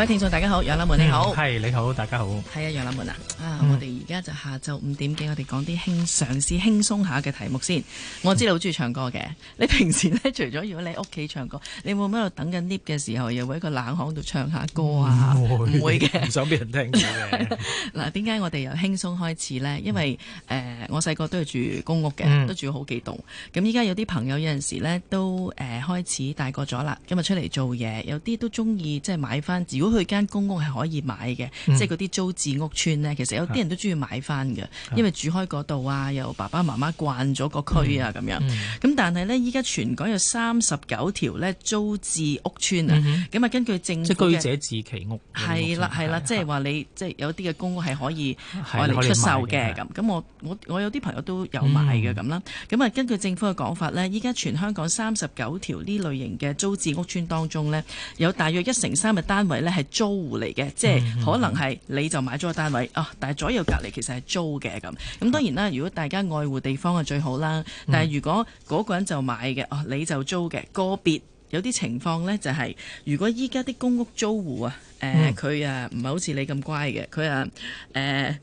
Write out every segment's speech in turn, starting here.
各位聽眾大家好，楊立門，你好，係你好，大家好，係啊，楊立門啊，啊，我哋而家就下晝五點幾，我哋講啲輕嘗試輕鬆下嘅題目先。我知道你好中意唱歌嘅，你平時咧除咗如果你屋企唱歌，你會唔會喺度等緊 lift 嘅時候，又會喺個冷巷度唱下歌啊？唔、嗯、會嘅，唔想俾人聽嘅，嗱，點解我哋由輕鬆開始咧？因為誒、嗯呃，我細個都係住公屋嘅，都住好幾棟。咁依家有啲朋友有陣時咧都誒、呃、開始大個咗啦，今日出嚟做嘢，有啲都中意即係買翻，去間公屋係可以買嘅、嗯，即係嗰啲租置屋邨呢，其實有啲人都中意買翻嘅、嗯，因為住開嗰度啊，又爸爸媽媽慣咗個區啊，咁、嗯嗯、樣。咁但係呢，依家全港有三十九條呢租置屋邨啊。咁、嗯、啊，根據政府即居者自其屋係啦係啦，即係話你即係有啲嘅公屋係可以用嚟出售嘅咁。咁我我我有啲朋友都有買嘅咁啦。咁、嗯、啊，根據政府嘅講法呢，依家全香港三十九條呢類型嘅租置屋邨當中呢，有大約一成三嘅單位呢。係租戶嚟嘅，即係可能係你就買咗個單位、嗯嗯、啊，但係左右隔籬其實係租嘅咁。咁、嗯、當然啦，如果大家愛護地方啊，最好啦。但係如果嗰個人就買嘅，哦、啊，你就租嘅、嗯。個別有啲情況呢、就係，就係如果依家啲公屋租戶、呃嗯、啊，誒，佢啊唔係好似你咁乖嘅，佢啊誒。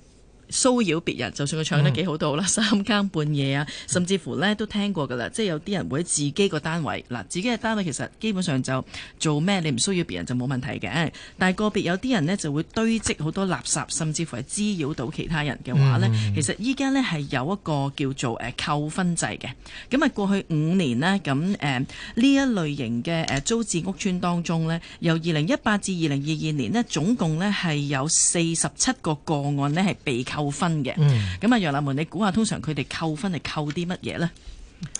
騷擾別人，就算佢唱得幾好都好啦，mm. 三更半夜啊，甚至乎呢都聽過噶啦，即係有啲人會喺自己個單位，嗱，自己嘅單位其實基本上就做咩你唔騷擾別人就冇問題嘅。但係個別有啲人呢就會堆積好多垃圾，甚至乎係滋擾到其他人嘅話呢，mm. 其實依家呢係有一個叫做扣分制嘅，咁啊過去五年呢咁誒呢一類型嘅租置屋邨當中呢，由二零一八至二零二二年呢，總共呢係有四十七個個案呢係被扣。扣分嘅，咁、嗯、啊，楊立門，你估下通常佢哋扣分係扣啲乜嘢呢？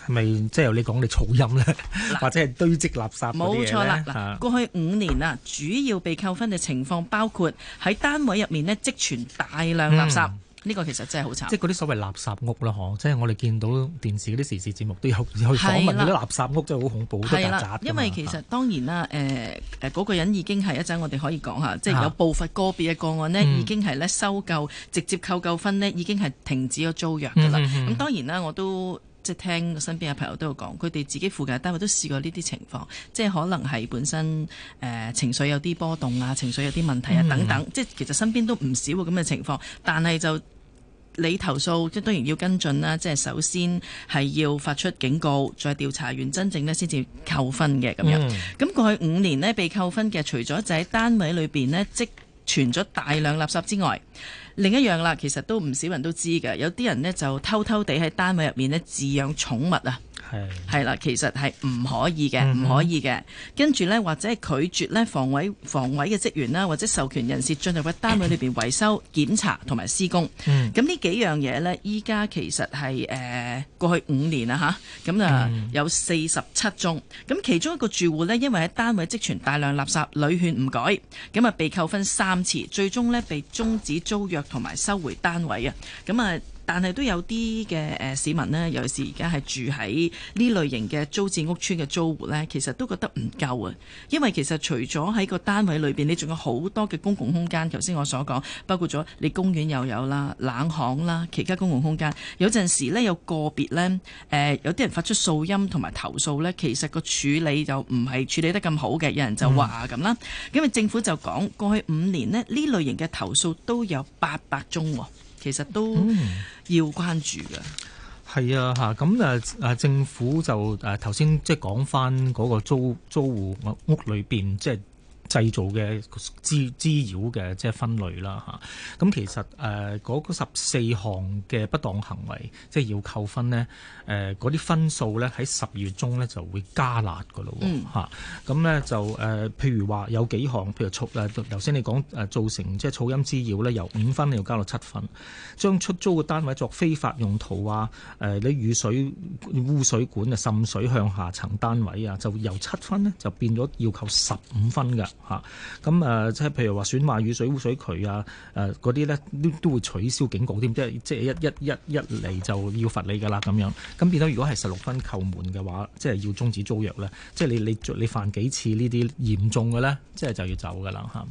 係咪即係由你講你噪音咧， 或者係堆積垃圾嘅嘢。冇錯啦，嗱，過去五年啊，主要被扣分嘅情況包括喺單位入面呢積存大量垃圾。嗯呢、這個其實真係好慘，即係嗰啲所謂垃圾屋啦，嗬！即係我哋見到電視嗰啲時事節目都有去訪問嗰啲垃圾屋，真係好恐怖，好多曱甴。係啦，因為其實、啊、當然啦，誒、呃、誒，嗰、那個人已經係一陣，我哋可以講下。即係有部分個別嘅個案呢，已經係咧收購、啊嗯、直接扣夠分呢，已經係停止咗租約噶啦。咁、嗯嗯、當然啦，我都即係聽身邊嘅朋友都有講，佢哋自己附近嘅單位都試過呢啲情況，即係可能係本身誒情緒有啲波動啊，情緒有啲問題啊等等，嗯、即係其實身邊都唔少咁嘅情況，但係就你投訴即當然要跟進啦，即係首先係要發出警告，再調查完真正呢先至扣分嘅咁樣。咁、嗯、過去五年呢，被扣分嘅，除咗就喺單位裏面呢積存咗大量垃圾之外，另一樣啦，其實都唔少人都知㗎，有啲人呢，就偷偷地喺單位入面呢飼養寵物啊。係係啦，其實係唔可以嘅，唔可以嘅、嗯。跟住呢，或者係拒絕呢，房委房委嘅職員啦，或者授權人士進入個單位裏邊維修、嗯、檢查同埋施工。咁、嗯、呢幾樣嘢呢，依家其實係誒、呃、過去五年啊吓，咁啊有四十七宗。咁、嗯、其中一個住戶呢，因為喺單位積存大量垃圾，屢勸唔改，咁啊被扣分三次，最終呢，被終止租約同埋收回單位啊。咁啊～但係都有啲嘅、呃、市民呢，尤其是而家係住喺呢類型嘅租置屋邨嘅租戶呢，其實都覺得唔夠啊！因為其實除咗喺個單位裏面，你仲有好多嘅公共空間。頭先我所講，包括咗你公園又有啦、冷巷啦，其他公共空間。有陣時呢，有個別呢，呃、有啲人發出噪音同埋投訴呢，其實個處理就唔係處理得咁好嘅。有人就話咁啦，因、嗯、為政府就講過去五年呢，呢類型嘅投訴都有八百宗喎、哦。其實都要關注嘅、嗯，係啊吓，咁啊政府就誒頭先即係講翻嗰個租租戶屋裏邊，即係。製造嘅滋滋擾嘅即係分類啦，咁其實誒嗰十四項嘅不當行為，即係要扣分呢，誒嗰啲分數咧喺十月中咧就會加辣㗎咯，嚇，咁、嗯、咧就誒譬如話有幾項，譬如嘈啊，頭先你講誒造成即係噪音滋擾咧，由五分要加到七分，將出租嘅單位作非法用途啊，誒你雨水污水管啊滲水向下層單位啊，就由七分呢，就變咗要扣十五分㗎。嚇、啊，咁、啊、誒，即係譬如話損壞雨水污水渠啊，誒嗰啲咧都都會取消警告添、啊，即係即係一一一一嚟就要罰你噶啦咁樣。咁、啊、變咗，如果係十六分扣滿嘅話，即係要終止租約咧。即係你你你犯幾次呢啲嚴重嘅咧，即、就、係、是、就要走噶啦嚇。啊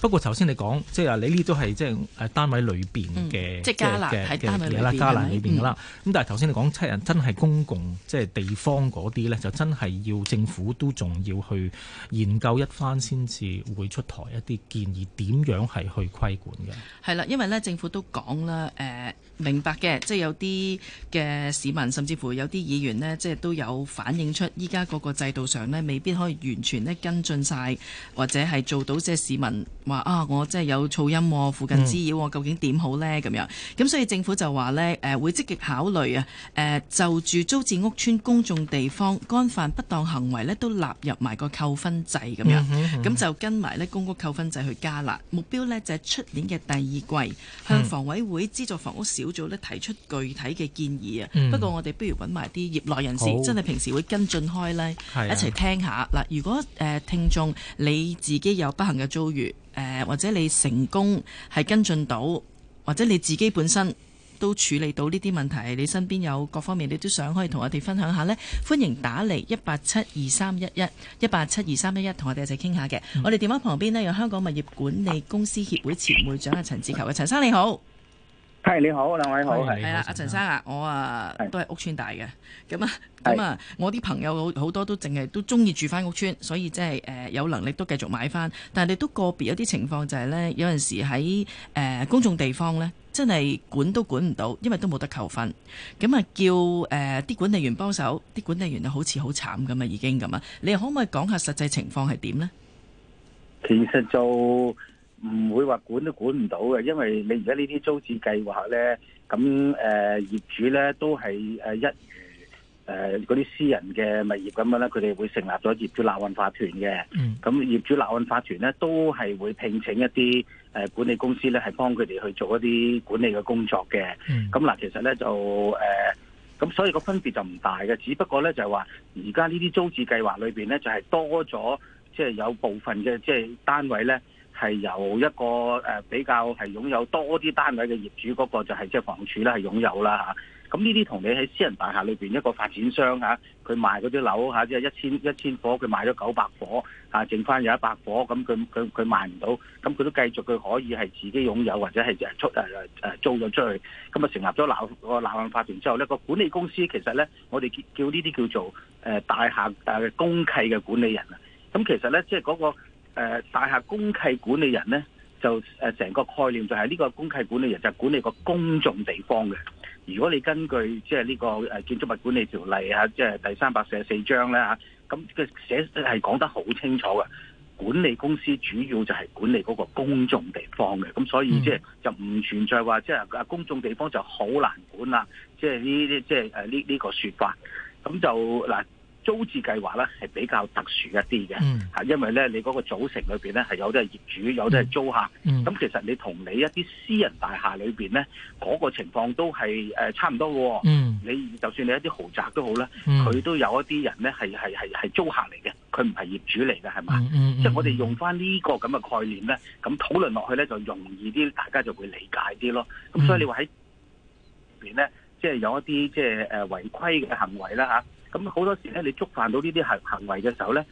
不過頭先你講，即係話你呢都係即係誒單位裏邊嘅、嗯，即係加嘅單位啦，加欄裏邊嘅啦。咁、嗯、但係頭先你講七人真係公共，即係地方嗰啲咧，就真係要政府都仲要去研究一番先至會出台一啲建議，點樣係去規管嘅？係啦，因為咧政府都講啦，誒、呃、明白嘅，即係有啲嘅市民，甚至乎有啲議員呢，即係都有反映出，依家嗰個制度上呢，未必可以完全呢跟進晒，或者係做到即係市民。話啊，我真係有噪音、哦，附近滋擾、哦，究竟點好呢？咁、嗯、樣咁、啊，所以政府就話呢，誒、呃、會積極考慮啊，誒、呃、就住租置屋邨公眾地方干犯不當行為呢，都納入埋個扣分制咁樣，咁、嗯嗯嗯、就跟埋呢公屋扣分制去加啦。目標呢就係、是、出年嘅第二季向房委會、嗯、資助房屋小組呢提出具體嘅建議啊、嗯。不過我哋不如揾埋啲業內人士，真係平時會跟進開呢，啊、一齊聽一下嗱。如果誒、呃、聽眾你自己有不幸嘅遭遇，誒或者你成功係跟進到，或者你自己本身都處理到呢啲問題，你身邊有各方面，你都想可以同我哋分享下呢？歡迎打嚟一八七二三一一一八七二三一一，同我哋一齊傾下嘅。我哋電話旁邊呢，有香港物業管理公司協會前會長阿陳志球嘅，陳生你好。係、hey, 你好，兩位好係。係、hey, 啦，阿陳生啊,、hey. 啊,啊，我啊都係屋邨大嘅。咁啊，咁啊，我啲朋友好多都淨係都中意住翻屋邨，所以即係誒有能力都繼續買翻。但係你都個別一啲情況就係咧，有陣時喺誒、呃、公眾地方咧，真係管都管唔到，因為都冇得扣分。咁啊，叫誒啲、呃、管理員幫手，啲管理員就好似好慘咁啊，已經咁啊。你可唔可以講下實際情況係點呢？其實就。唔會話管都管唔到嘅，因為你而家呢啲租置計劃呢，咁誒、呃、業主呢都係誒一如誒嗰啲私人嘅物業咁樣呢，佢哋會成立咗業主立案法團嘅。咁、嗯、業主立案法團呢，都係會聘請一啲誒管理公司呢，係幫佢哋去做一啲管理嘅工作嘅。咁、嗯、嗱，其實呢就誒咁、呃，所以個分別就唔大嘅，只不過呢，就係話而家呢啲租置計劃裏邊呢，就係、是、多咗即係有部分嘅即係單位呢。係由一個誒比較係擁有多啲單位嘅業主，嗰個就係即係房署咧，係擁有啦嚇，咁呢啲同你喺私人大廈裏邊一個發展商嚇，佢賣嗰啲樓嚇，即係一千一千夥佢賣咗九百夥，嚇，剩翻有一百夥。咁佢佢佢賣唔到，咁佢都繼續佢可以係自己擁有或者係誒出誒誒租咗出去，咁啊成立咗鬧個鬧案法庭之後呢個管理公司其實呢，我哋叫呢啲叫做誒大廈大嘅公契嘅管理人啊，咁其實呢，即係嗰個。誒、呃、大廈公契管理人咧，就誒成個概念就係呢個公契管理人就係管理個公眾地方嘅。如果你根據即係呢個誒建築物管理條例啊，即、就、係、是、第三百四十四章咧吓，咁佢寫係講得好清楚嘅。管理公司主要就係管理嗰個公眾地方嘅，咁所以即係就唔存在話即係公眾地方就好難管啦，即係呢啲即係呢呢個說法，咁就嗱。租置計劃咧係比較特殊一啲嘅嚇，因為咧你嗰個組成裏邊咧係有啲係業主，有啲係租客。咁、嗯嗯、其實你同你一啲私人大廈裏邊咧嗰個情況都係誒差唔多嘅、嗯。你就算你一啲豪宅都好啦，佢、嗯、都有一啲人咧係係係係租客嚟嘅，佢唔係業主嚟嘅係嘛？即係、嗯嗯嗯、我哋用翻呢個咁嘅概念咧，咁討論落去咧就容易啲，大家就會理解啲咯。咁、嗯、所以你話喺裏邊咧，即、就、係、是、有一啲即係誒違規嘅行為啦嚇。咁好多時咧，你觸犯到呢啲行行為嘅時候咧，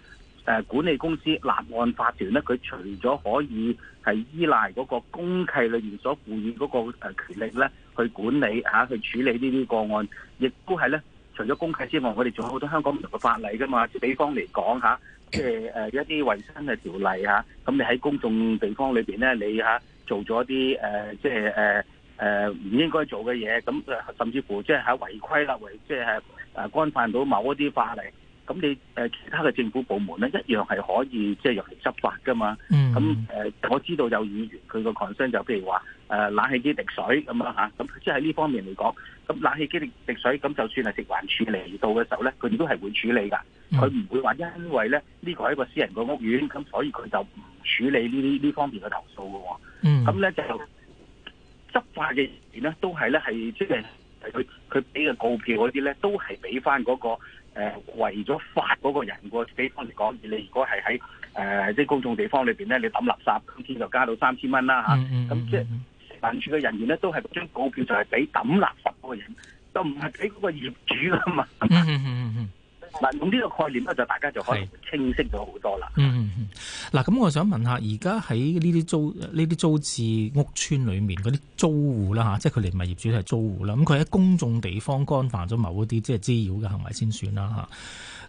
誒管理公司立案法團咧，佢除咗可以係依賴嗰個公契裏面所賦予嗰個誒權力咧，去管理、嚇、去處理呢啲個案，亦都係咧，除咗公契之外，我哋仲有好多香港唔同嘅法例噶嘛。比方嚟講嚇，即係一啲衛生嘅條例嚇，咁你喺公眾地方裏面咧，你嚇、啊、做咗啲誒即係誒唔應該做嘅嘢，咁甚至乎即係喺違規啦，違即係。誒干犯到某一啲法例，咁你、呃、其他嘅政府部門咧一樣係可以即係入嚟執法噶嘛？咁、嗯呃、我知道有議員佢個 concern 就譬如話誒、呃、冷氣機滴水咁樣吓，咁即係呢方面嚟講，咁冷氣機滴滴水，咁就算係食環處嚟到嘅時候咧，佢哋都係會處理㗎，佢、嗯、唔會話因為咧呢個係一個私人嘅屋苑，咁所以佢就唔處理呢啲呢方面嘅投訴㗎喎。咁、嗯、咧就執法嘅事咧都係咧係即係。佢佢俾嘅告票嗰啲咧，都係俾翻嗰個誒、呃，為咗罰嗰個人個地方嚟講。而你如果係喺誒，即係公眾地方裏邊咧，你抌垃圾，咁先就加到三千蚊啦吓。咁即係食環署嘅人員咧，都係將告票就係俾抌垃圾嗰個人，都唔係俾嗰個業主噶嘛。嗯嗯嗯嗯嗱，咁呢個概念咧，就大家就可以清晰咗好多啦。嗯，嗱、嗯，咁我想問下，而家喺呢啲租呢啲租置屋邨裏面嗰啲租戶啦吓，即係佢哋唔係業主，係租戶啦。咁佢喺公眾地方干犯咗某一啲即係滋擾嘅行為先算啦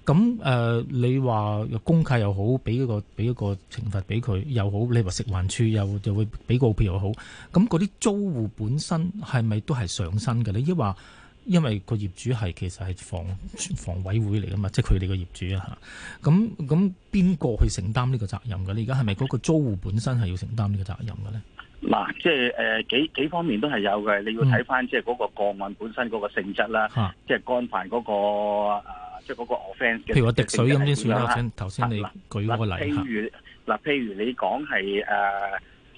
吓。咁誒，你話公契又好，俾一個俾一個懲罰俾佢又好，你話食環處又就會俾告票又好，咁嗰啲租戶本身係咪都係上身嘅你即話？因為個業主係其實係房房委會嚟噶嘛，即係佢哋個業主啊嚇。咁咁邊個去承擔呢個責任㗎？你而家係咪嗰個租戶本身係要承擔呢個責任嘅咧？嗱，即係幾，幾方面都係有嘅，你要睇翻即係嗰個個案本身嗰個性質啦、嗯，即係干犯嗰個即係嗰個 offence。譬如話滴水咁啲損害先，頭先你舉個例譬如嗱，譬如你講係誒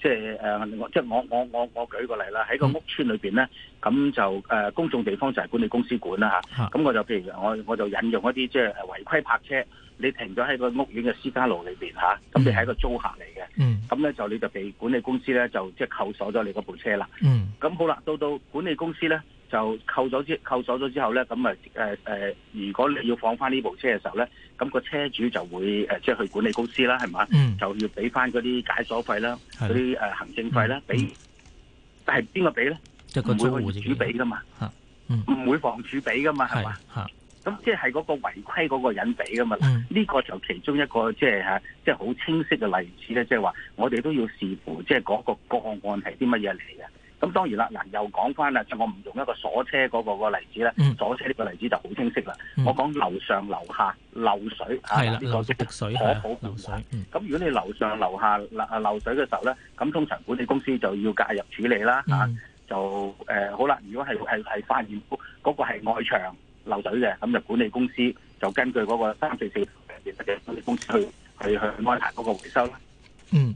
即係誒，即係我我我我舉個例啦，喺個屋邨裏邊咧，咁就誒公眾地方就係管理公司管啦嚇，咁我就譬如我我就引用一啲即係違規泊車。你停咗喺個屋苑嘅私家路裏邊吓，咁、啊、你係一個租客嚟嘅，咁、嗯、咧就你就被管理公司咧就即係扣鎖咗你嗰部車啦。咁、嗯、好啦，到到管理公司咧就扣咗之扣鎖咗之後咧，咁啊誒誒，如果你要放翻呢部車嘅時候咧，咁、個車主就會誒即係去管理公司啦，係嘛、嗯，就要俾翻嗰啲解鎖費啦，嗰啲誒行政費啦，俾但係邊個俾咧？即係個租戶主俾噶嘛？吓、嗯，唔會房主俾噶嘛？係嘛？吓。咁即係嗰個違規嗰個人俾噶嘛？呢、嗯呢個就其中一個即係吓，即係好清晰嘅例子咧。即係話我哋都要視乎，即係嗰個個案係啲乜嘢嚟嘅。咁、嗯、當然啦，嗱又講翻啦，即係、我唔用一個鎖車嗰個個例子咧、嗯。鎖車呢個例子就好清晰啦、嗯。我講樓上樓下漏水吓，呢個都屬水可好。漏水。咁、這個就是嗯、如果你樓上樓下漏水嘅時候咧，咁通常管理公司就要介入處理啦。吓、嗯啊、就誒、呃、好啦，如果係係係發現嗰個係外牆。漏水嘅咁，嗯管嗯嗯這個、就，這個、就，就管理公司就根據嗰個三四四嘅嘅嘅管理公司去去去安排嗰個維修啦。嗯，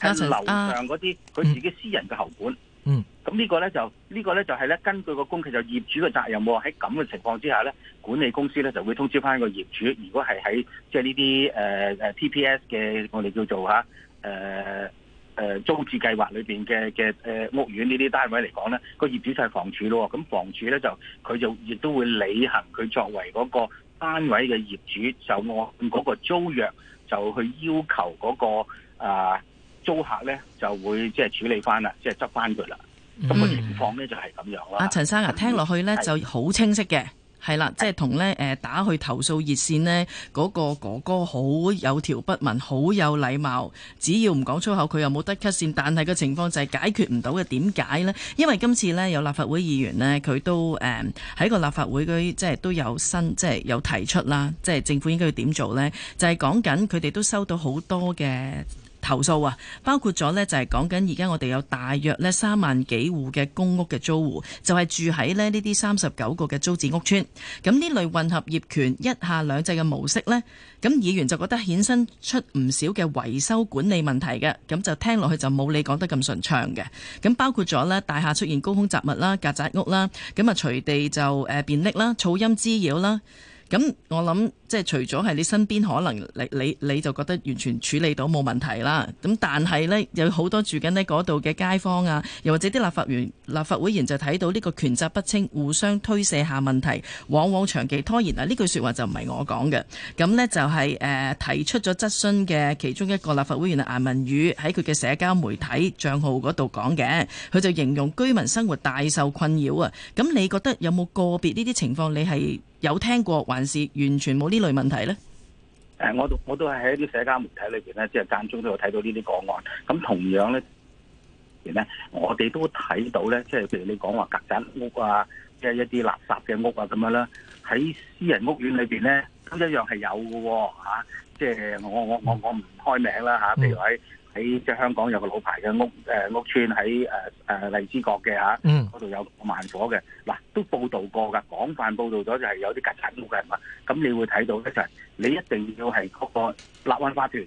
加上樓上嗰啲佢自己私人嘅喉管。嗯，咁呢個咧就呢個咧就係咧根據個公契就業主嘅責任喎。喺咁嘅情況之下咧，管理公司咧就會通知返個業主，如果係喺即係呢啲誒誒 T P S 嘅我哋叫做嚇誒。呃誒、呃、租置計劃裏邊嘅嘅誒屋苑呢啲單位嚟講咧，個業主就係房署咯，咁房署咧就佢就亦都會履行佢作為嗰個單位嘅業主，就按嗰個租約就去要求嗰、嗰個、呃、租客咧就會即係處理翻啦，即係執翻佢啦。咁、嗯、個情況咧就係咁樣啦。阿陳生啊，生聽落去咧就好清晰嘅。係啦，即係同咧誒打去投訴熱線呢，嗰個哥哥好有條不紊，好有禮貌，只要唔講粗口，佢又冇得 cut 線。但係個情況就係解決唔到嘅，點解呢？因為今次呢，有立法會議員呢，佢都誒喺個立法會佢即係都有新即係有提出啦，即係政府應該要點做呢？就係講緊佢哋都收到好多嘅。投訴啊，包括咗呢，就係講緊而家我哋有大約呢三萬幾戶嘅公屋嘅租戶，就係、是、住喺呢啲三十九個嘅租置屋邨。咁呢類混合業權一下兩制嘅模式呢，咁議員就覺得衍生出唔少嘅維修管理問題嘅。咁就聽落去就冇你講得咁順暢嘅。咁包括咗呢，大廈出現高空雜物啦、曱甴屋啦，咁啊隨地就誒便溺啦、噪音滋擾啦。咁、嗯、我諗即係除咗係你身邊可能你你你就覺得完全處理到冇問題啦，咁、嗯、但係呢，有好多住緊呢嗰度嘅街坊啊，又或者啲立法員、立法會議員就睇到呢個權責不清、互相推卸下問題，往往長期拖延啊！呢句說話就唔係我講嘅，咁、嗯、呢，就係、是、誒、呃、提出咗質詢嘅其中一個立法會議員啊，顏汶羽喺佢嘅社交媒體帳號嗰度講嘅，佢就形容居民生活大受困擾啊！咁你覺得有冇個別呢啲情況你係？有聽過還是完全冇呢類問題咧？誒，我都我都係喺啲社交媒體裏邊咧，即係間中都有睇到呢啲個案。咁同樣咧，而咧我哋都睇到咧，即係譬如你講話隔間屋啊，即係一啲垃圾嘅屋啊咁樣啦。喺私人屋苑裏邊咧，都一樣係有嘅吓。即係我我我我唔開名啦吓，譬如喺。嗯喺即係香港有個老牌嘅屋、誒屋邨喺誒誒荔枝角嘅嚇，嗰度有萬所嘅，嗱都報道過噶，廣泛報道咗就係有啲曱甴屋嘅係嘛，咁你會睇到咧，就係、你一定要係嗰個立灣花園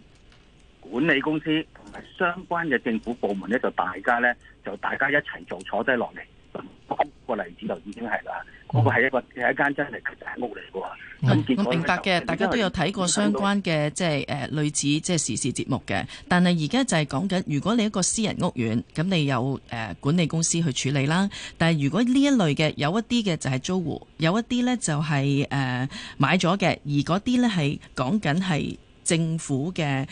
管理公司同埋相關嘅政府部門咧，就大家咧就大家一齊做坐低落嚟。講、那個例子就已經係啦，嗰、那個係一個係一間真係屋嚟嘅喎。我、嗯就是、明白嘅，大家都有睇過相關嘅即係誒類似即係、就是、時事節目嘅。但係而家就係講緊，如果你一個私人屋苑，咁你有誒管理公司去處理啦。但係如果呢一類嘅有一啲嘅就係租戶，有一啲呢就係誒買咗嘅，而嗰啲呢係講緊係政府嘅。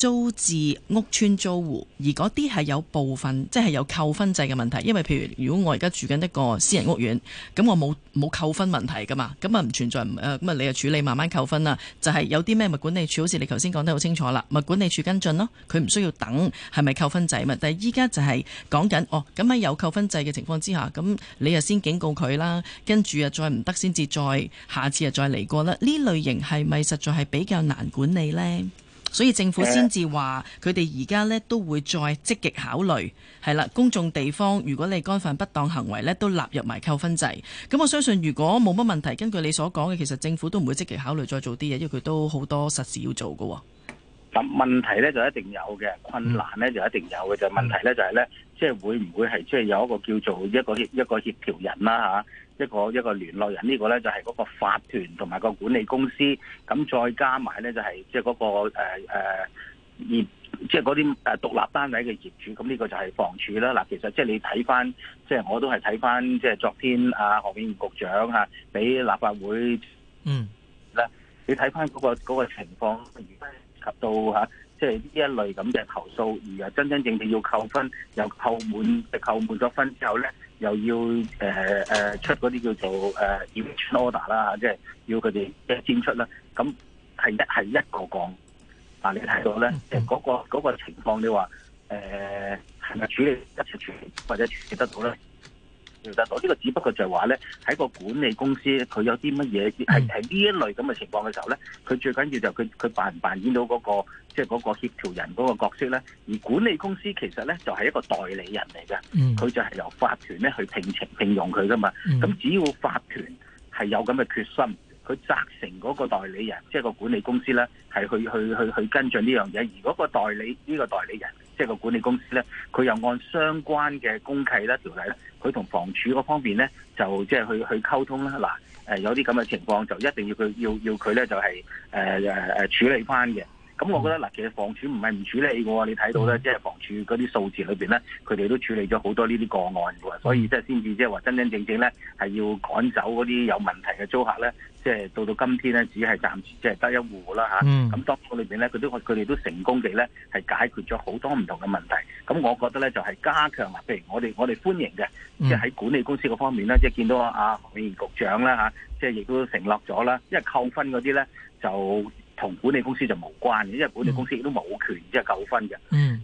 租置屋邨租戶，而嗰啲係有部分即係有扣分制嘅問題，因為譬如如果我而家住緊一個私人屋苑，咁我冇冇扣分問題噶嘛，咁啊唔存在，誒咁啊你就處理慢慢扣分啦，就係、是、有啲咩物管理處，好似你頭先講得好清楚啦，物管理處跟進咯，佢唔需要等係咪扣分制嘛？但係依家就係講緊哦，咁喺有扣分制嘅情況之下，咁你啊先警告佢啦，跟住啊再唔得先至再下次啊再嚟過啦，呢類型係咪實在係比較難管理呢？所以政府先至話，佢哋而家咧都會再積極考慮，係啦。公眾地方如果你干犯不當行為咧，都納入埋扣分制。咁我相信如果冇乜問題，根據你所講嘅，其實政府都唔會積極考慮再做啲嘢，因為佢都好多實事要做嘅。咁問題咧就一定有嘅，困難咧就一定有嘅，嗯就係，就問題咧就係咧，即係會唔會，係即係有一個叫做一個協一個協調人啦吓。啊一個一個聯絡人，呢、這個咧就係嗰個法團同埋個管理公司，咁再加埋咧就係即係嗰個即獨、呃呃就是、立單位嘅業主，咁呢個就係房署啦。嗱，其實即係你睇翻，即、就、係、是、我都係睇翻，即係昨天何永賢局長啊，俾立法會嗯嗱，你睇翻嗰個、那個、情況如情況，涉及到即係呢一類咁嘅投訴，而又真真正正要扣分，又扣滿，扣滿咗分之後咧，又要誒誒、呃、出嗰啲叫做誒點、呃、order 啦，即、就、係、是、要佢哋即係遷出啦。咁係一係一個講，但你睇到咧，即係嗰個情況的，你話誒係咪處理得成，或者處理得到咧？調、這、呢個只不過就係話咧，喺個管理公司佢有啲乜嘢係係呢一類咁嘅情況嘅時候咧，佢最緊要就係佢佢扮唔扮演到嗰、那個即係嗰個協調人嗰個角色咧，而管理公司其實咧就係、是、一個代理人嚟嘅，佢、嗯、就係由法團咧去聘請聘用佢噶嘛，咁、嗯、只要法團係有咁嘅決心。佢責成嗰個代理人，即係個管理公司咧，係去去去去跟進呢樣嘢。而嗰個代理，呢個代理人，即係個管理公司咧，佢又按相關嘅公契咧條例咧，佢同房署嗰方面咧，就即係去去溝通啦。嗱、啊，誒有啲咁嘅情況，就一定要佢要要佢咧，就係誒誒誒處理翻嘅。咁我覺得嗱，其實房署唔係唔處理嘅喎。你睇到咧，即係房署嗰啲數字裏邊咧，佢哋都處理咗好多呢啲個案嘅喎。所以即係先至即係話真真正正咧，係要趕走嗰啲有問題嘅租客咧。即係到到今天咧，只係暫時即係得一戶啦咁、mm. 啊、當局裏面咧，佢都佢哋都成功地咧，係解決咗好多唔同嘅問題。咁我覺得咧，就係、是、加強啊！譬如我哋我哋歡迎嘅，即係喺管理公司嗰方面咧，即、就、係、是、見到啊何建局長啦，即係亦都承諾咗啦。因為扣分嗰啲咧，就同管理公司就無關嘅，因為管理公司亦都冇權即係、mm. 扣分嘅。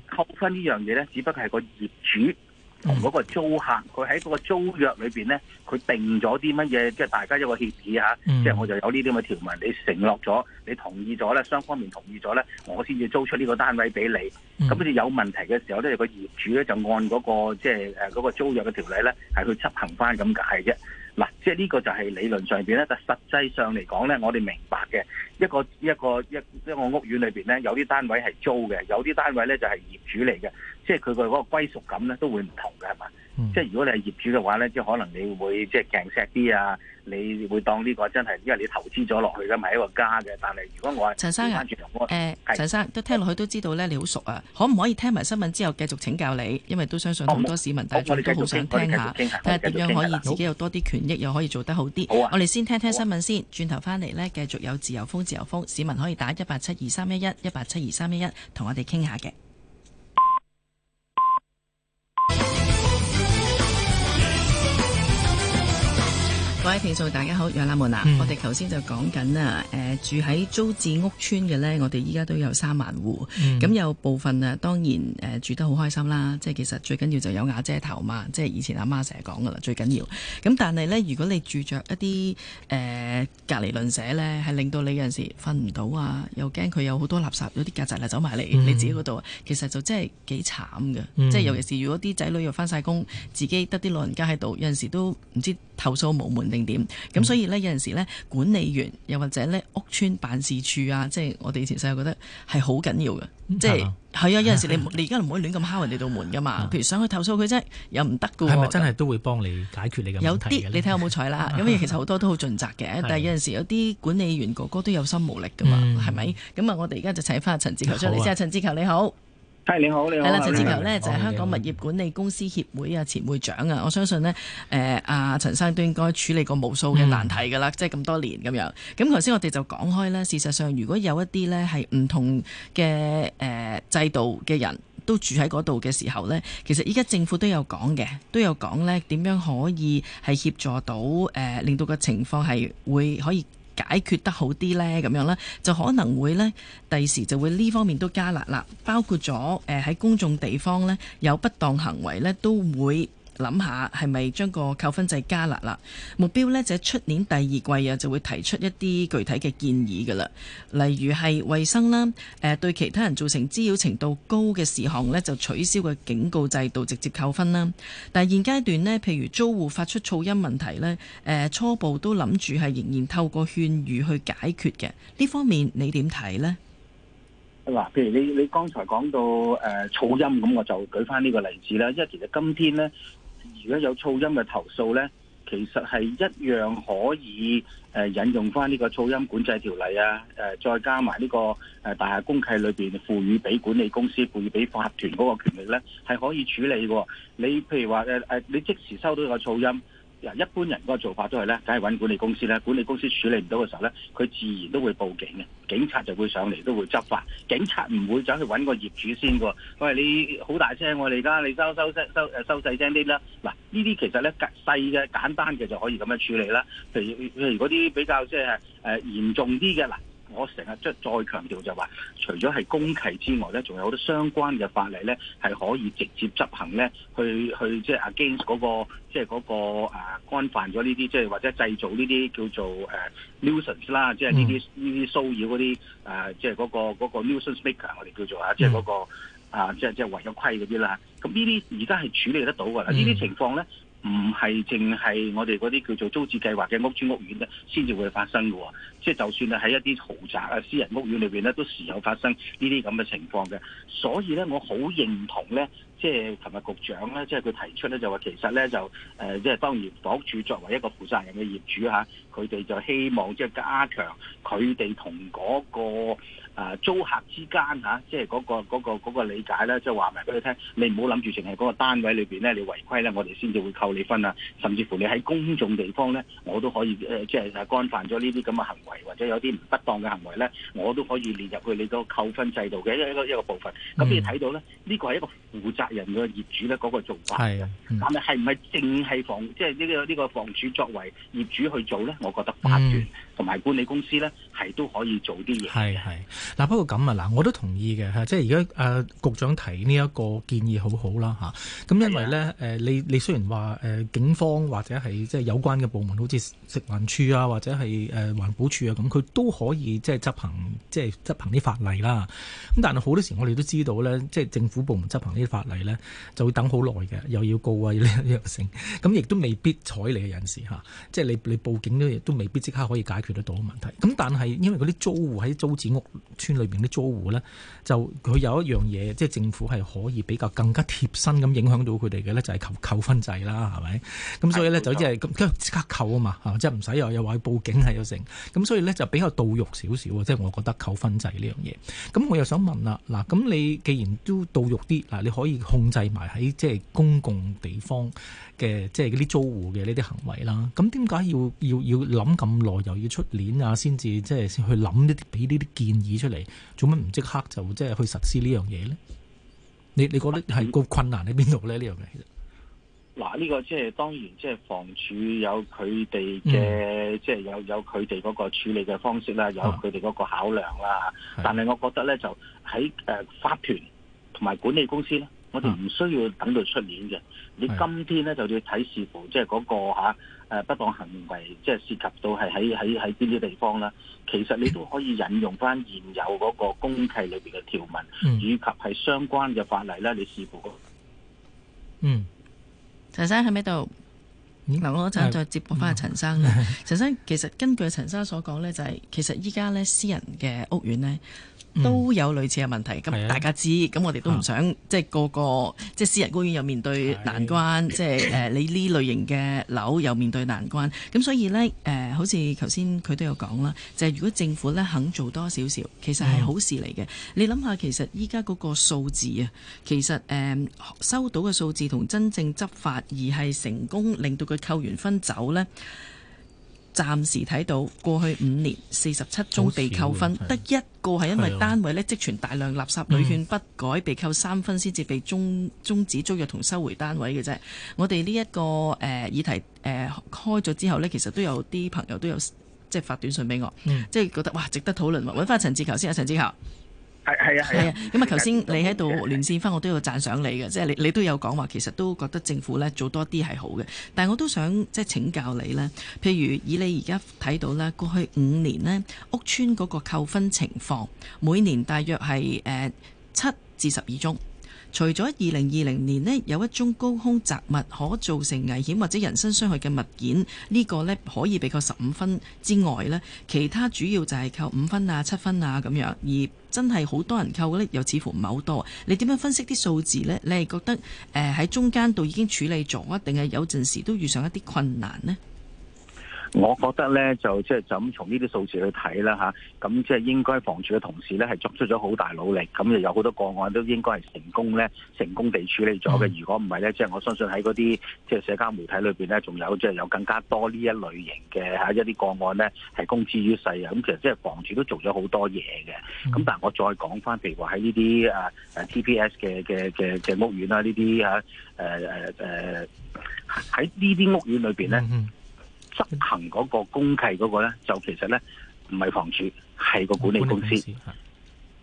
扣分呢樣嘢咧，只不過係個業主。同嗰個租客，佢喺嗰個租約裏邊咧，佢定咗啲乜嘢，即係大家一個協議下，即、嗯、係我就有呢啲咁嘅條文，你承諾咗，你同意咗咧，雙方面同意咗咧，我先至租出呢個單位俾你。咁、嗯、好有問題嘅時候咧，個業主咧就按嗰、嗰個即係嗰個租約嘅條例咧，係去執行翻咁解啫。嗱，即係呢個就係理論上邊咧，但實際上嚟講咧，我哋明白嘅一個一個一一個屋苑裏邊咧，有啲單位係租嘅，有啲單位咧就係業主嚟嘅，即係佢個嗰個歸屬感咧都會唔同嘅，係嘛？嗯、即係如果你係業主嘅話呢即係可能你會即係勁錫啲啊！你會當呢個真係因為你投資咗落去嘅，咪一個家嘅。但係如果我係陳生啊，誒、欸、陳生都聽落去都知道呢，你好熟啊！可唔可以聽埋新聞之後繼續請教你？因為都相信好多市民大眾、哦、好都好想聽一下，睇下點樣可以自己有多啲權益，又可以做得好啲，啊。我哋先聽聽新聞先，轉頭翻嚟呢，繼續有自由風自由風，市民可以打 107231, 107231, 107231, 跟我們一八七二三一一一八七二三一一同我哋傾下嘅。各位聽眾，大家好，養眼們啊！我哋頭先就講緊啊，誒、呃、住喺租置屋邨嘅咧，我哋依家都有三萬戶，咁、嗯、有部分啊當然誒、呃、住得好開心啦，即係其實最緊要就有瓦遮頭嘛，即係以前阿媽成日講噶啦，最緊要。咁但係咧，如果你住着一啲誒、呃、隔離鄰舍咧，係令到你有陣時瞓唔到啊，又驚佢有好多垃圾，有啲曱甴嚟走埋嚟你自己嗰度，其實就真係幾慘嘅，即係尤其是如果啲仔女又返晒工，自己得啲老人家喺度，有陣時都唔知道投訴無門。點、嗯、咁，所以咧有陣時咧管理員又或者咧屋村辦事處啊，即係我哋以前細個覺得係好緊要嘅、嗯，即係係、嗯、啊。有陣時你不、嗯、你而家唔可以亂咁敲人哋道門噶嘛、嗯？譬如上去投訴佢啫，又唔得噶喎。係咪真係都會幫你解決你嘅問題？有啲你睇有冇彩啦。咁、嗯、其實好多都好盡責嘅、嗯，但係有陣時有啲管理員哥哥都有心無力噶嘛，係、嗯、咪？咁啊，我哋而家就請翻陳志球出嚟先。陳志球你好。係、hey, 你好，你好。係啦，陳志球咧就係、是、香港物業管理公司協會啊前會長啊，我相信呢，誒阿陳生都應該處理過無數嘅難題噶啦，mm. 即係咁多年咁樣。咁頭先我哋就講開咧，事實上如果有一啲咧係唔同嘅誒、呃、制度嘅人都住喺嗰度嘅時候咧，其實依家政府都有講嘅，都有講咧點樣可以係協助到誒、呃、令到個情況係會可以。解決得好啲呢，咁樣呢，就可能會呢，第時就會呢方面都加辣啦，包括咗呃、喺公眾地方呢，有不當行為呢，都會。諗下係咪將個扣分制加辣啦？目標呢就係出年第二季啊，就會提出一啲具體嘅建議噶啦。例如係衛生啦，誒對其他人造成滋擾程度高嘅事項呢，就取消個警告制度，直接扣分啦。但係現階段呢，譬如租戶發出噪音問題呢，誒初步都諗住係仍然透過勸喻去解決嘅。呢方面你點睇呢？嗱，譬如你你剛才講到誒、呃、噪音咁，我就舉翻呢個例子啦。因為其實今天呢。如果有噪音嘅投訴呢，其實係一樣可以誒引用翻呢個噪音管制條例啊，誒再加埋呢個誒大廈公契裏邊賦予俾管理公司、賦予俾法團嗰個權力呢，係可以處理嘅。你譬如話誒誒，你即時收到一個噪音。一般人嗰個做法都係咧，梗係揾管理公司咧。管理公司處理唔到嘅時候咧，佢自然都會報警嘅。警察就會上嚟，都會執法。警察唔會走去揾個業主先嘅。喂，你好大聲啊，我哋而家你收收聲，收收細聲啲啦。嗱，呢啲其實咧細嘅簡單嘅就可以咁樣處理啦。譬如譬如嗰啲比較即係誒嚴重啲嘅啦。我成日即係再強調就話，除咗係公契之外咧，仲有好多相關嘅法例咧，係可以直接執行咧，去去即係 against a、那、嗰個，即係嗰個干、啊、犯咗呢啲，即係或者製造呢啲叫做誒 nuisance 啦，即係呢啲呢啲騷擾嗰啲誒，即係嗰個 nuisance maker 我哋叫做啊，即係嗰個、嗯、啊，即係即係違規嗰啲啦。咁呢啲而家係處理得到㗎啦，呢、嗯、啲情況咧。唔係淨係我哋嗰啲叫做租置計劃嘅屋邨屋苑咧，先至會發生嘅喎。即係就算係喺一啲豪宅啊、私人屋苑裏邊咧，都時有發生呢啲咁嘅情況嘅。所以咧，我好認同咧。即係琴日局長咧，即係佢提出咧，就話其實咧就誒，即係當然房主作為一個負責人嘅業主，佢哋就希望即係加強佢哋同嗰個租客之間即係嗰個嗰個嗰個理解咧，即係話明俾你聽，你唔好諗住淨係嗰個單位裏面咧，你違規咧，我哋先至會扣你分啊，甚至乎你喺公眾地方咧，我都可以誒，即係干犯咗呢啲咁嘅行為或者有啲唔適當嘅行為咧，我都可以列入去你個扣分制度嘅一個一個部分。咁你睇到咧，呢個係一個負責人個業主咧，嗰個做法係啊、嗯，但係係唔係淨係房即係呢個呢個房署作為業主去做咧？我覺得百轉。嗯同埋管理公司呢，係都可以做啲嘢。係係嗱，不過咁啊，嗱，我都同意嘅，即係而家誒局長提呢一個建議好好啦吓，咁因為呢，誒，你你雖然話誒警方或者係即係有關嘅部門好似食環署啊或者係誒環保處啊咁，佢都可以即係執行即係執行啲法例啦。咁但係好多時候我哋都知道呢，即係政府部門執行啲法例呢，就會等好耐嘅，又要告啊，呢樣嘢咁，亦都未必睬你嘅人士吓，即係你你報警都亦都未必即刻可以解決。解決到問題，咁但係因為嗰啲租戶喺租置屋邨裏邊啲租戶咧，就佢有一樣嘢，即係政府係可以比較更加貼身咁影響到佢哋嘅咧，就係、是、扣扣分制啦，係咪？咁所以咧就即係即刻扣啊嘛，即係唔使又又話去報警係有成，咁所以咧就比較到肉少少即係我覺得扣分制呢樣嘢。咁我又想問啦，嗱，咁你既然都到肉啲，嗱你可以控制埋喺即係公共地方嘅即係嗰啲租戶嘅呢啲行為啦，咁點解要要要諗咁耐又要？出年啊，先至即係先去諗呢啲，俾呢啲建議出嚟，做乜唔即刻就即係去實施呢樣嘢咧？你你覺得係個困難喺邊度咧？呢樣嘢其實，嗱、這、呢個即、就、係、是、當然，即係房署有佢哋嘅，即、嗯、係、就是、有有佢哋嗰個處理嘅方式啦，有佢哋嗰個考量啦、啊。但係我覺得咧，就喺誒、呃、法團同埋管理公司咧，我哋唔需要等到出年嘅、啊。你今天咧就要睇視乎即係嗰個嚇。啊誒不當行為，即係涉及到係喺喺喺邊啲地方啦。其實你都可以引用翻現有嗰個公契裏邊嘅條文，嗯、以及係相關嘅法例啦。你試吓。嗯，陳生喺咪度？嗱，嗯、我一陣再接駁翻阿陳生。嗯、 陳生其實根據陳生所講呢，就係、是、其實依家呢私人嘅屋苑呢。都有類似嘅問題，咁、嗯、大家知，咁我哋都唔想、啊、即係個個即係私人公園又面對難關，即係、呃、你呢類型嘅樓又面對難關，咁所以呢，誒、呃，好似頭先佢都有講啦，就係、是、如果政府呢肯做多少少，其實係好事嚟嘅、嗯。你諗下，其實依家嗰個數字啊，其實誒收到嘅數字同真正執法而係成功令到佢扣完分走呢。暫時睇到過去五年四十七宗被扣分，得一個係因為單位咧積存大量垃圾，屢勸不改，嗯、被扣三分，先至被終終止租約同收回單位嘅啫。我哋呢一個誒議題誒開咗之後呢，其實都有啲朋友都有即係發短信俾我，嗯、即係覺得哇值得討論，揾翻陳志球先啊，陳志球。係係啊，係啊，咁啊，頭先你喺度連線返，我都有讚賞你嘅，即係你你都有講話，其實都覺得政府咧做多啲係好嘅。但係我都想即係請教你呢，譬如以你而家睇到咧，過去五年呢屋邨嗰個扣分情況，每年大約係誒七至十二宗，除咗二零二零年呢有一宗高空雜物可造成危險或者人身傷害嘅物件，呢個呢可以俾扣十五分之外呢，其他主要就係扣五分啊、七分啊咁樣而。真係好多人扣嘅呢，又似乎唔係好多。你點樣分析啲數字呢？你係覺得呃、喺中間度已經處理咗，定係有陣時都遇上一啲困難呢？ 我覺得咧，就即係就咁從呢啲數字去睇啦嚇，咁即係應該房署嘅同事咧，係作出咗好大努力，咁就有好多個案都應該係成功咧，成功地處理咗嘅。如果唔係咧，即係我相信喺嗰啲即係社交媒體裏面咧，仲有即係有更加多呢一類型嘅嚇一啲個案咧，係公之於世啊。咁其實即係房署都做咗好多嘢嘅。咁 但係我再講翻，譬如話喺呢啲誒 T P S 嘅嘅嘅嘅屋苑啦，呢啲嚇誒喺呢啲屋苑裏邊咧。 執行嗰個公契嗰個咧，就其實咧唔係房署，係個管理公司。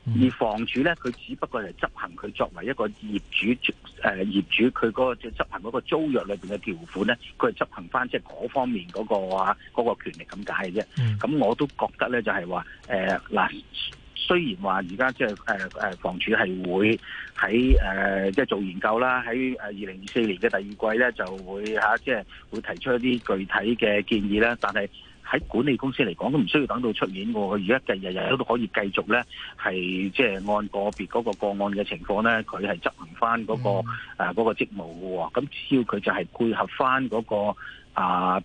嗯、而房署咧，佢只不過係執行佢作為一個業主，誒、呃、業主佢嗰個執行嗰個租約裏邊嘅條款咧，佢係執行翻即係嗰方面嗰個啊嗰、嗰個權利咁解嘅啫。咁、嗯、我都覺得咧，就係話誒嗱。呃雖然話而家即係誒誒，房署係會喺誒即係做研究啦，喺誒二零二四年嘅第二季咧就會吓即係會提出一啲具體嘅建議咧，但係喺管理公司嚟講都唔需要等到出年，佢而家就日日都可以繼續咧係即係按個別嗰個個案嘅情況咧，佢係執行翻、那、嗰個誒嗰、那個職務嘅。咁只要佢就係配合翻、那、嗰個啊誒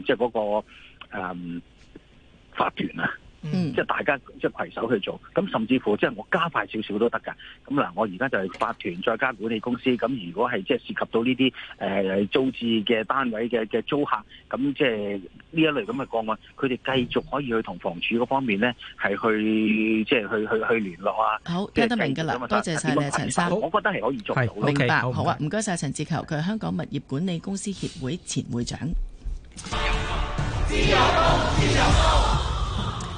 即係嗰個誒法團啊。啊就是那個嗯嗯，即、就、係、是、大家即係攜手去做，咁甚至乎即係、就是、我加快少少都得㗎。咁嗱，我而家就係法團再加管理公司。咁如果係即係涉及到呢啲誒租置嘅單位嘅嘅，租客，咁即係呢一類咁嘅個案，佢哋繼續可以去同房署嗰方面咧，係去即係、嗯、去去去，去聯絡啊。好，聽得明㗎啦，多謝晒你，陳生。我覺得係可以做到。明白，好啊，唔該晒，謝謝陳志球，佢係香港物業管理公司協會前會長。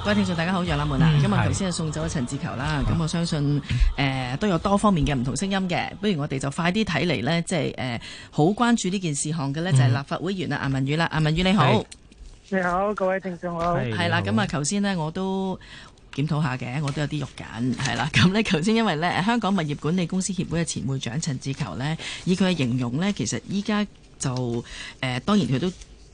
各位聽眾，大家好，楊立門啊，咁、嗯、啊，頭先啊送走咗陳志球啦，咁我相信，誒、呃，都有多方面嘅唔同聲音嘅，不如我哋就快啲睇嚟呢即係，誒、呃，好關注呢件事項嘅呢，就係、是、立法會議員啦，顏汶羽啦，顏汶羽，汶羽你好，你好，各位聽眾好，係啦，咁、嗯、啊，頭先呢我都檢討下嘅，我都有啲肉緊，係啦，咁呢頭先因為呢香港物業管理公司協會嘅前會長陳志球呢，以佢嘅形容呢，其實依家就，誒、呃，當然佢都。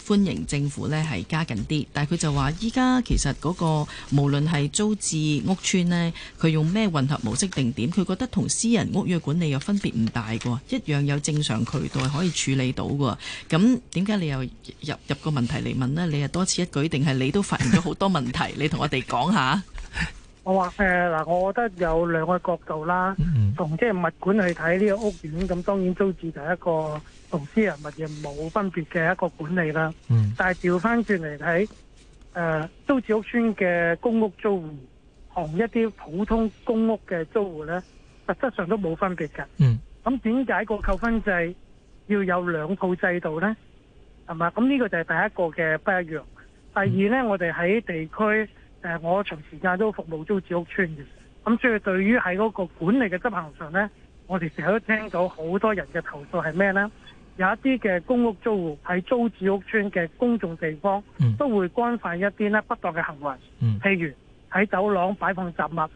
歡迎政府呢係加緊啲，但係佢就話依家其實嗰個無論係租置屋邨呢，佢用咩混合模式定點，佢覺得同私人屋苑管理又分別唔大嘅，一樣有正常渠道可以處理到嘅。咁點解你又入入個問題嚟問呢？你又多此一舉定係你都發現咗好多問題？ 你同我哋講下。我話誒嗱，我覺得有兩個角度啦，同即係物管去睇呢個屋苑，咁當然租置就係一個，.同私人物業冇分別嘅一個管理啦，mm. 但係調翻轉嚟睇，誒、呃，租置屋邨嘅公屋租戶同一啲普通公屋嘅租戶呢，實質上都冇分別㗎。嗯，咁點解個扣分制要有兩套制度呢？係嘛？咁呢個就係第一個嘅不一樣。第二呢，mm. 我哋喺地區誒、呃，我長時間都服務租置屋邨嘅，咁所以對於喺嗰個管理嘅執行上呢，我哋成日都聽到好多人嘅投訴係咩呢？有一啲嘅公屋租戶喺租置屋邨嘅公眾地方，都會干犯一啲咧不當嘅行為，譬如喺走廊擺放雜物、誒、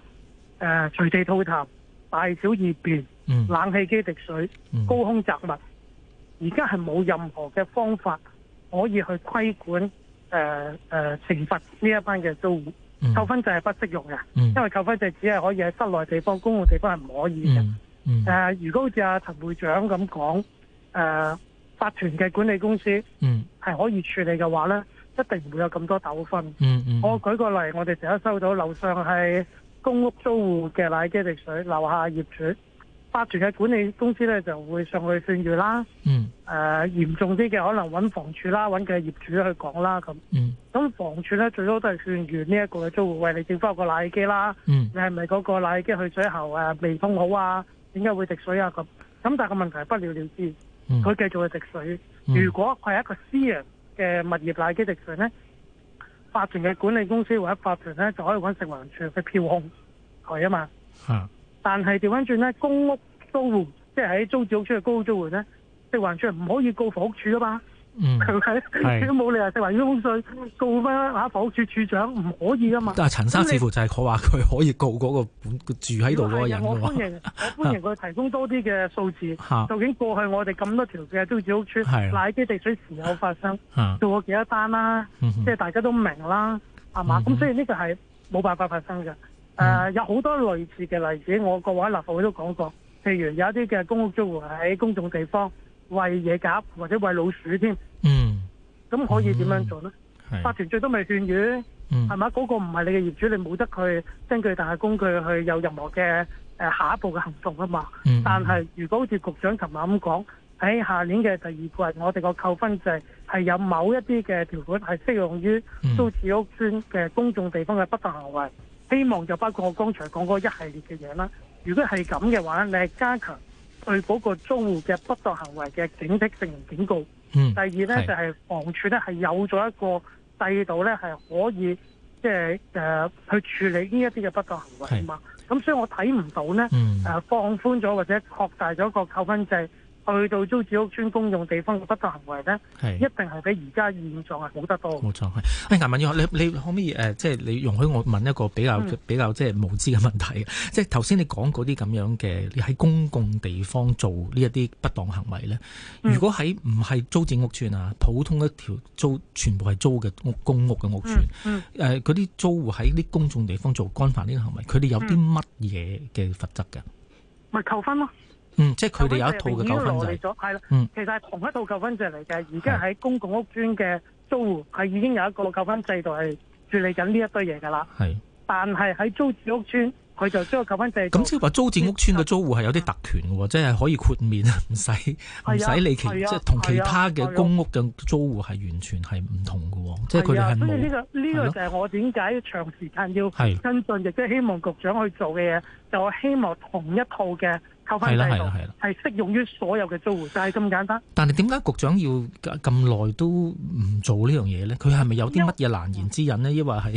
呃、隨地吐痰、大小二便、冷氣機滴水、嗯、高空雜物。而家係冇任何嘅方法可以去規管誒誒、呃呃、懲罰呢一班嘅租戶、嗯。扣分制係不適用嘅、嗯，因為扣分制只係可以喺室內地方、公共地方係唔可以嘅。誒、嗯嗯呃，如果好似阿陳會長咁講。誒、呃，法團嘅管理公司，嗯，係可以處理嘅話咧、嗯，一定唔會有咁多糾紛。嗯嗯，我舉個例，我哋成日收到樓上係公屋租戶嘅奶機滴水，樓下業主，法團嘅管理公司咧就會上去勸喻啦。嗯，誒、呃，嚴重啲嘅可能搵房署啦，搵嘅業主去講啦咁。嗯，咁房署咧最多都係勸喻呢一個租戶，喂，你整翻個奶機啦。嗯，你係咪嗰個奶機去水喉誒、呃、未封好啊？點解會滴水啊？咁咁但係個問題不了了之。佢、嗯、繼續去滴水，如果佢係一個私人嘅物業大基滴水，咧，法團嘅管理公司或者法團咧就可以揾食環署去票控佢啊嘛，但係調翻轉咧公屋戶、就是、租戶，即係喺租置屋出去高租戶咧，食環署係唔可以告房屋署啊嘛。嗯，佢都冇理由食埋呢稅，告翻啊房屋署署長唔可以噶嘛。但係陳生似乎就係佢話佢可以告嗰、嗰個住喺度個人的，我歡迎 我歡迎佢提供多啲嘅數字，究、啊、竟過去我哋咁多條嘅租置屋邨，乃基地水時有發生，啊、做過幾多單啦？即、嗯、係大家都明啦，係、嗯、嘛？咁所以呢個係冇辦法發生嘅。誒、嗯呃，有好多類似嘅例子，我個位立法會都講過，譬如有一啲嘅公屋租戶喺公眾地方，餵野鴿或者餵老鼠添，嗯，咁可以點樣做呢？法團最都未斷語，係、嗯、咪？嗰、那個唔係你嘅業主，你冇得去根據大家工具去有任何嘅、呃、下一步嘅行動啊嘛。嗯、但係如果好似局長琴晚咁講，喺、哎、下年嘅第二季，我哋個扣分制係有某一啲嘅條款係適用於租置屋邨嘅公眾地方嘅不法行為，希望就包括我剛才講嗰一系列嘅嘢啦。如果係咁嘅話，你係加強。對嗰個租戶嘅不當行為嘅警惕性警告。嗯，第二呢，就係房署呢，係有咗一個制度呢，係可以即係誒去處理呢一啲嘅不當行為啊嘛。咁所以我睇唔到呢，誒、嗯啊、放寬咗或者擴大咗個扣分制。去到租置屋邨公用地方嘅不當行為咧，係一定係比而家現狀係好得多。冇錯，係。誒、哎，阿汶羽你，你可唔可以誒、呃，即係你容許我問一個比較、嗯、比較即係無知嘅問題？即係頭先你講嗰啲咁樣嘅，你喺公共地方做呢一啲不當行為咧、嗯，如果喺唔係租置屋邨啊，普通一條租全部係租嘅屋公屋嘅屋邨，誒、嗯，嗰、嗯、啲、呃、租戶喺啲公眾地方做干犯呢啲行為，佢哋有啲乜嘢嘅罰則㗎？咪、嗯、扣、嗯、分咯、啊。嗯，即係佢哋有一套嘅扣分制，係、嗯、咯，其實係同一套扣分制嚟嘅，而家喺公共屋邨嘅租戶係已經有一個扣分制度係處理緊呢一堆嘢噶啦。係，但係喺租置屋邨，佢就將個扣分制咁即係話租置屋邨嘅租戶係有啲特權嘅，即係可以豁免，唔使唔使理其，即係同其他嘅公屋嘅租戶係完全係唔同嘅。即係佢哋係呢個呢、這個就係我點解長時間要跟進，亦即係希望局長去做嘅嘢，就我希望同一套嘅。係啦，係啦，係啦，係適用於所有嘅租戶，就係咁簡單。但係點解局長要咁耐都唔做呢樣嘢咧？佢係咪有啲乜嘢難言之隱咧？抑或係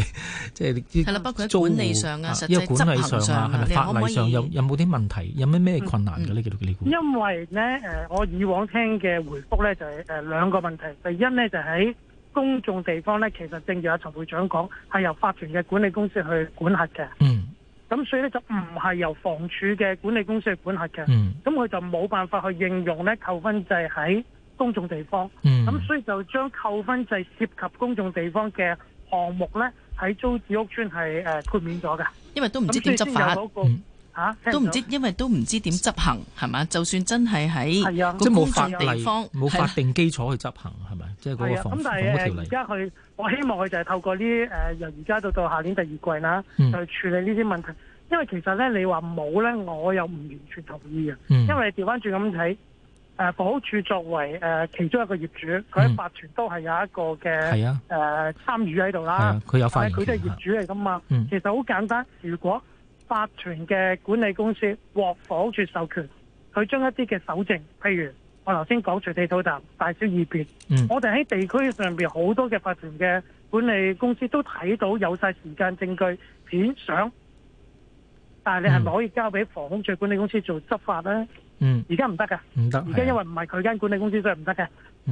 即係啲？係啦，包括喺管理上啊，實際執行上啊，法例上有有冇啲問題？有咩咩困難嘅咧？叫做呢個？因為咧，誒，我以往聽嘅回覆咧，就係誒兩個問題。第一咧，就喺公眾地方咧，其實正如阿陳會長講，係由法團嘅管理公司去管轄嘅。嗯。咁所以咧就唔係由房署嘅管理公司去管轄嘅，咁、嗯、佢就冇辦法去應用咧扣分制喺公眾地方，咁、嗯、所以就將扣分制涉及公眾地方嘅項目咧喺租置屋邨係誒豁免咗㗎，因為都唔知點執法吓、那個嗯啊，都唔知因為都唔知點執行，係咪？就算真係喺個冇法地方冇、啊法、啊、法定基礎去執行係咪？即係嗰個房署條、啊那個、例。我希望佢就係透過呢啲，誒、呃、由而家到到下年第二季啦，嗯、去處理呢啲問題。因為其實咧，你話冇咧，我又唔完全同意嘅、嗯。因為調翻轉咁睇，誒、呃、房屋署作為誒、呃、其中一個業主，佢喺法團都係有一個嘅，誒參與喺度啦。佢、呃啊、有法團，佢都係業主嚟噶嘛、嗯。其實好簡單，如果法團嘅管理公司獲房屋署授權，佢將一啲嘅手證，譬如。我頭先講隨地吐痰大小二便、嗯，我哋喺地區上面好多嘅法團嘅管理公司都睇到有晒時間證據片相，但係你係咪可以交俾房屋署管理公司做執法呢？嗯，而家唔得噶，唔得，而家因為唔係佢間管理公司所以唔得嘅。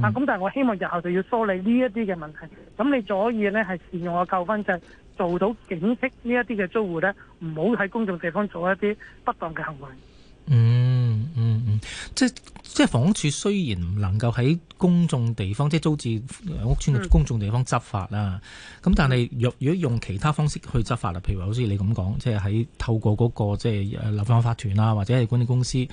啊，咁但係我希望日後就要梳理呢一啲嘅問題，咁你就可以呢係善用我扣分制，做到警惕呢一啲嘅租戶呢，唔好喺公眾地方做一啲不當嘅行為。嗯。即即房屋署雖然唔能夠喺公眾地方，即係租置屋邨嘅公眾地方執法啦，咁、嗯、但係若如果用其他方式去執法啦，譬如好似你咁講，即係喺透過嗰、那個即係立法法團啊，或者係管理公司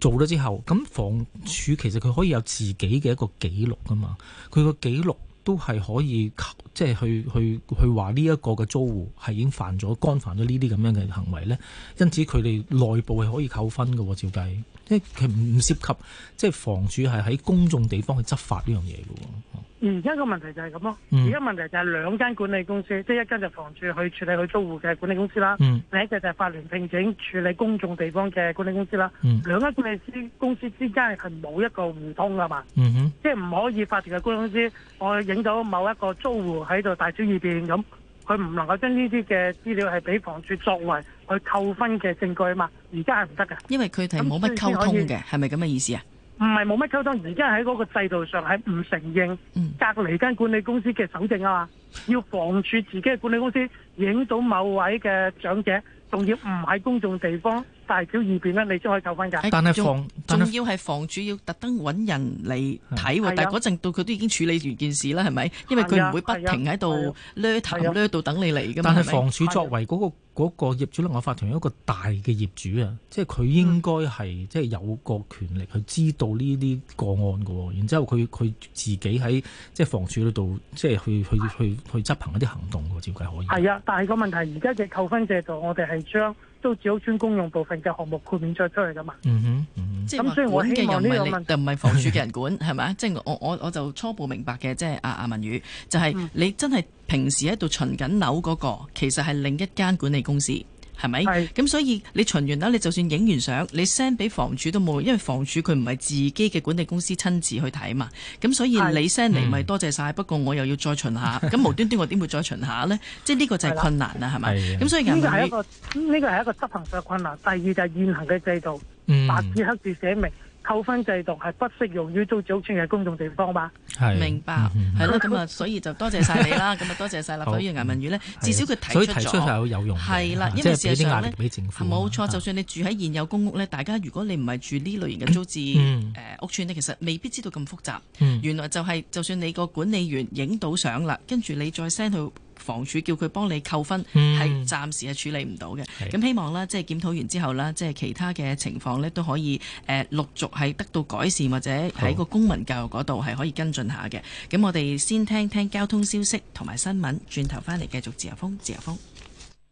做咗之後，咁房署其實佢可以有自己嘅一個記錄噶嘛，佢個記錄都係可以扣，即係去去去話呢一個嘅租戶係已經犯咗、干犯咗呢啲咁樣嘅行為呢，因此佢哋內部係可以扣分嘅、啊，照計。即係佢唔涉及，即係房署係喺公眾地方去執法呢樣嘢嘅喎。而、嗯、家個問題就係咁咯，而家問題就係兩間管理公司，嗯、即係一間就係房署去處理佢租戶嘅管理公司啦、嗯，另一隻就係法聯聘請處理公眾地方嘅管理公司啦。兩、嗯、間管理公司之間係冇一個互通噶嘛、嗯，即係唔可以法聯嘅管理公司，我影到某一個租戶喺度大嘴耳變咁，佢唔能夠將呢啲嘅資料係俾房署作為。去扣分嘅證據啊嘛，而家係唔得嘅，因為佢哋冇乜溝通嘅，係咪咁嘅意思啊？唔係冇乜溝通，而家喺嗰個制度上係唔承認隔離間管理公司嘅手證啊嘛，要防住自己嘅管理公司影到某位嘅長者，仲要唔喺公眾地方。大小二便咧，你先可以扣分嘅。但係房，仲要係房署要特登揾人嚟睇喎。但係嗰陣到佢都已經處理完件事啦，係咪？因為佢唔會不停喺度唶頭唶到等你嚟嘅嘛。但係房署作為嗰、那個嗰、那個那個、業主立案法團一個大嘅業主啊，即係佢應該係即係有個權力去知道呢啲個案嘅喎。然之後佢佢自己喺即係房署嗰度即係去去去去，去執行一啲行動嘅，照計可以。係啊，但係個問題而家嘅扣分制度，我哋係將。都只好將公用部分嘅項目豁免出去噶嘛？即咁所以我希望呢個就唔係房署嘅人管，係、嗯、咪？即係、就是、我我我就初步明白嘅，即係阿阿汶羽，就係、是、你真係平時喺度巡緊樓嗰個，其實係另一間管理公司。係咪？咁所以你巡完啦，你就算影完相，你 send 俾房署都冇，因為房署佢唔係自己嘅管理公司親自去睇嘛。咁所以你 send 嚟咪多謝晒，不過我又要再巡下。咁、嗯、無端端我點會再巡下呢？ 即係呢個就係困難啦，係咪？咁所以呢個呢個係一個執行上嘅困難。第二就係現行嘅制度白紙黑字寫明。嗯扣分制度係不適用於租置屋邨嘅公眾地方嘛？係明白，係咯，咁啊，所以就多謝晒你啦，咁啊多謝晒立法會議員顏汶羽呢。至少佢提出咗，係啦，即係俾啲壓力俾政府。冇錯，就算你住喺現有公屋呢，大家如果你唔係住呢類型嘅租置誒、嗯呃、屋邨呢，其實未必知道咁複雜、嗯。原來就係、是，就算你個管理員影到相啦，跟住你再 send 去。房署叫佢幫你扣分，係、嗯、暫時係處理唔到嘅。咁希望咧，即係檢討完之後咧，即係其他嘅情況呢，都可以誒、呃、陸續係得到改善，或者喺個公民教育嗰度係可以跟進下嘅。咁我哋先聽聽交通消息同埋新聞，轉頭翻嚟繼續自由風自由風。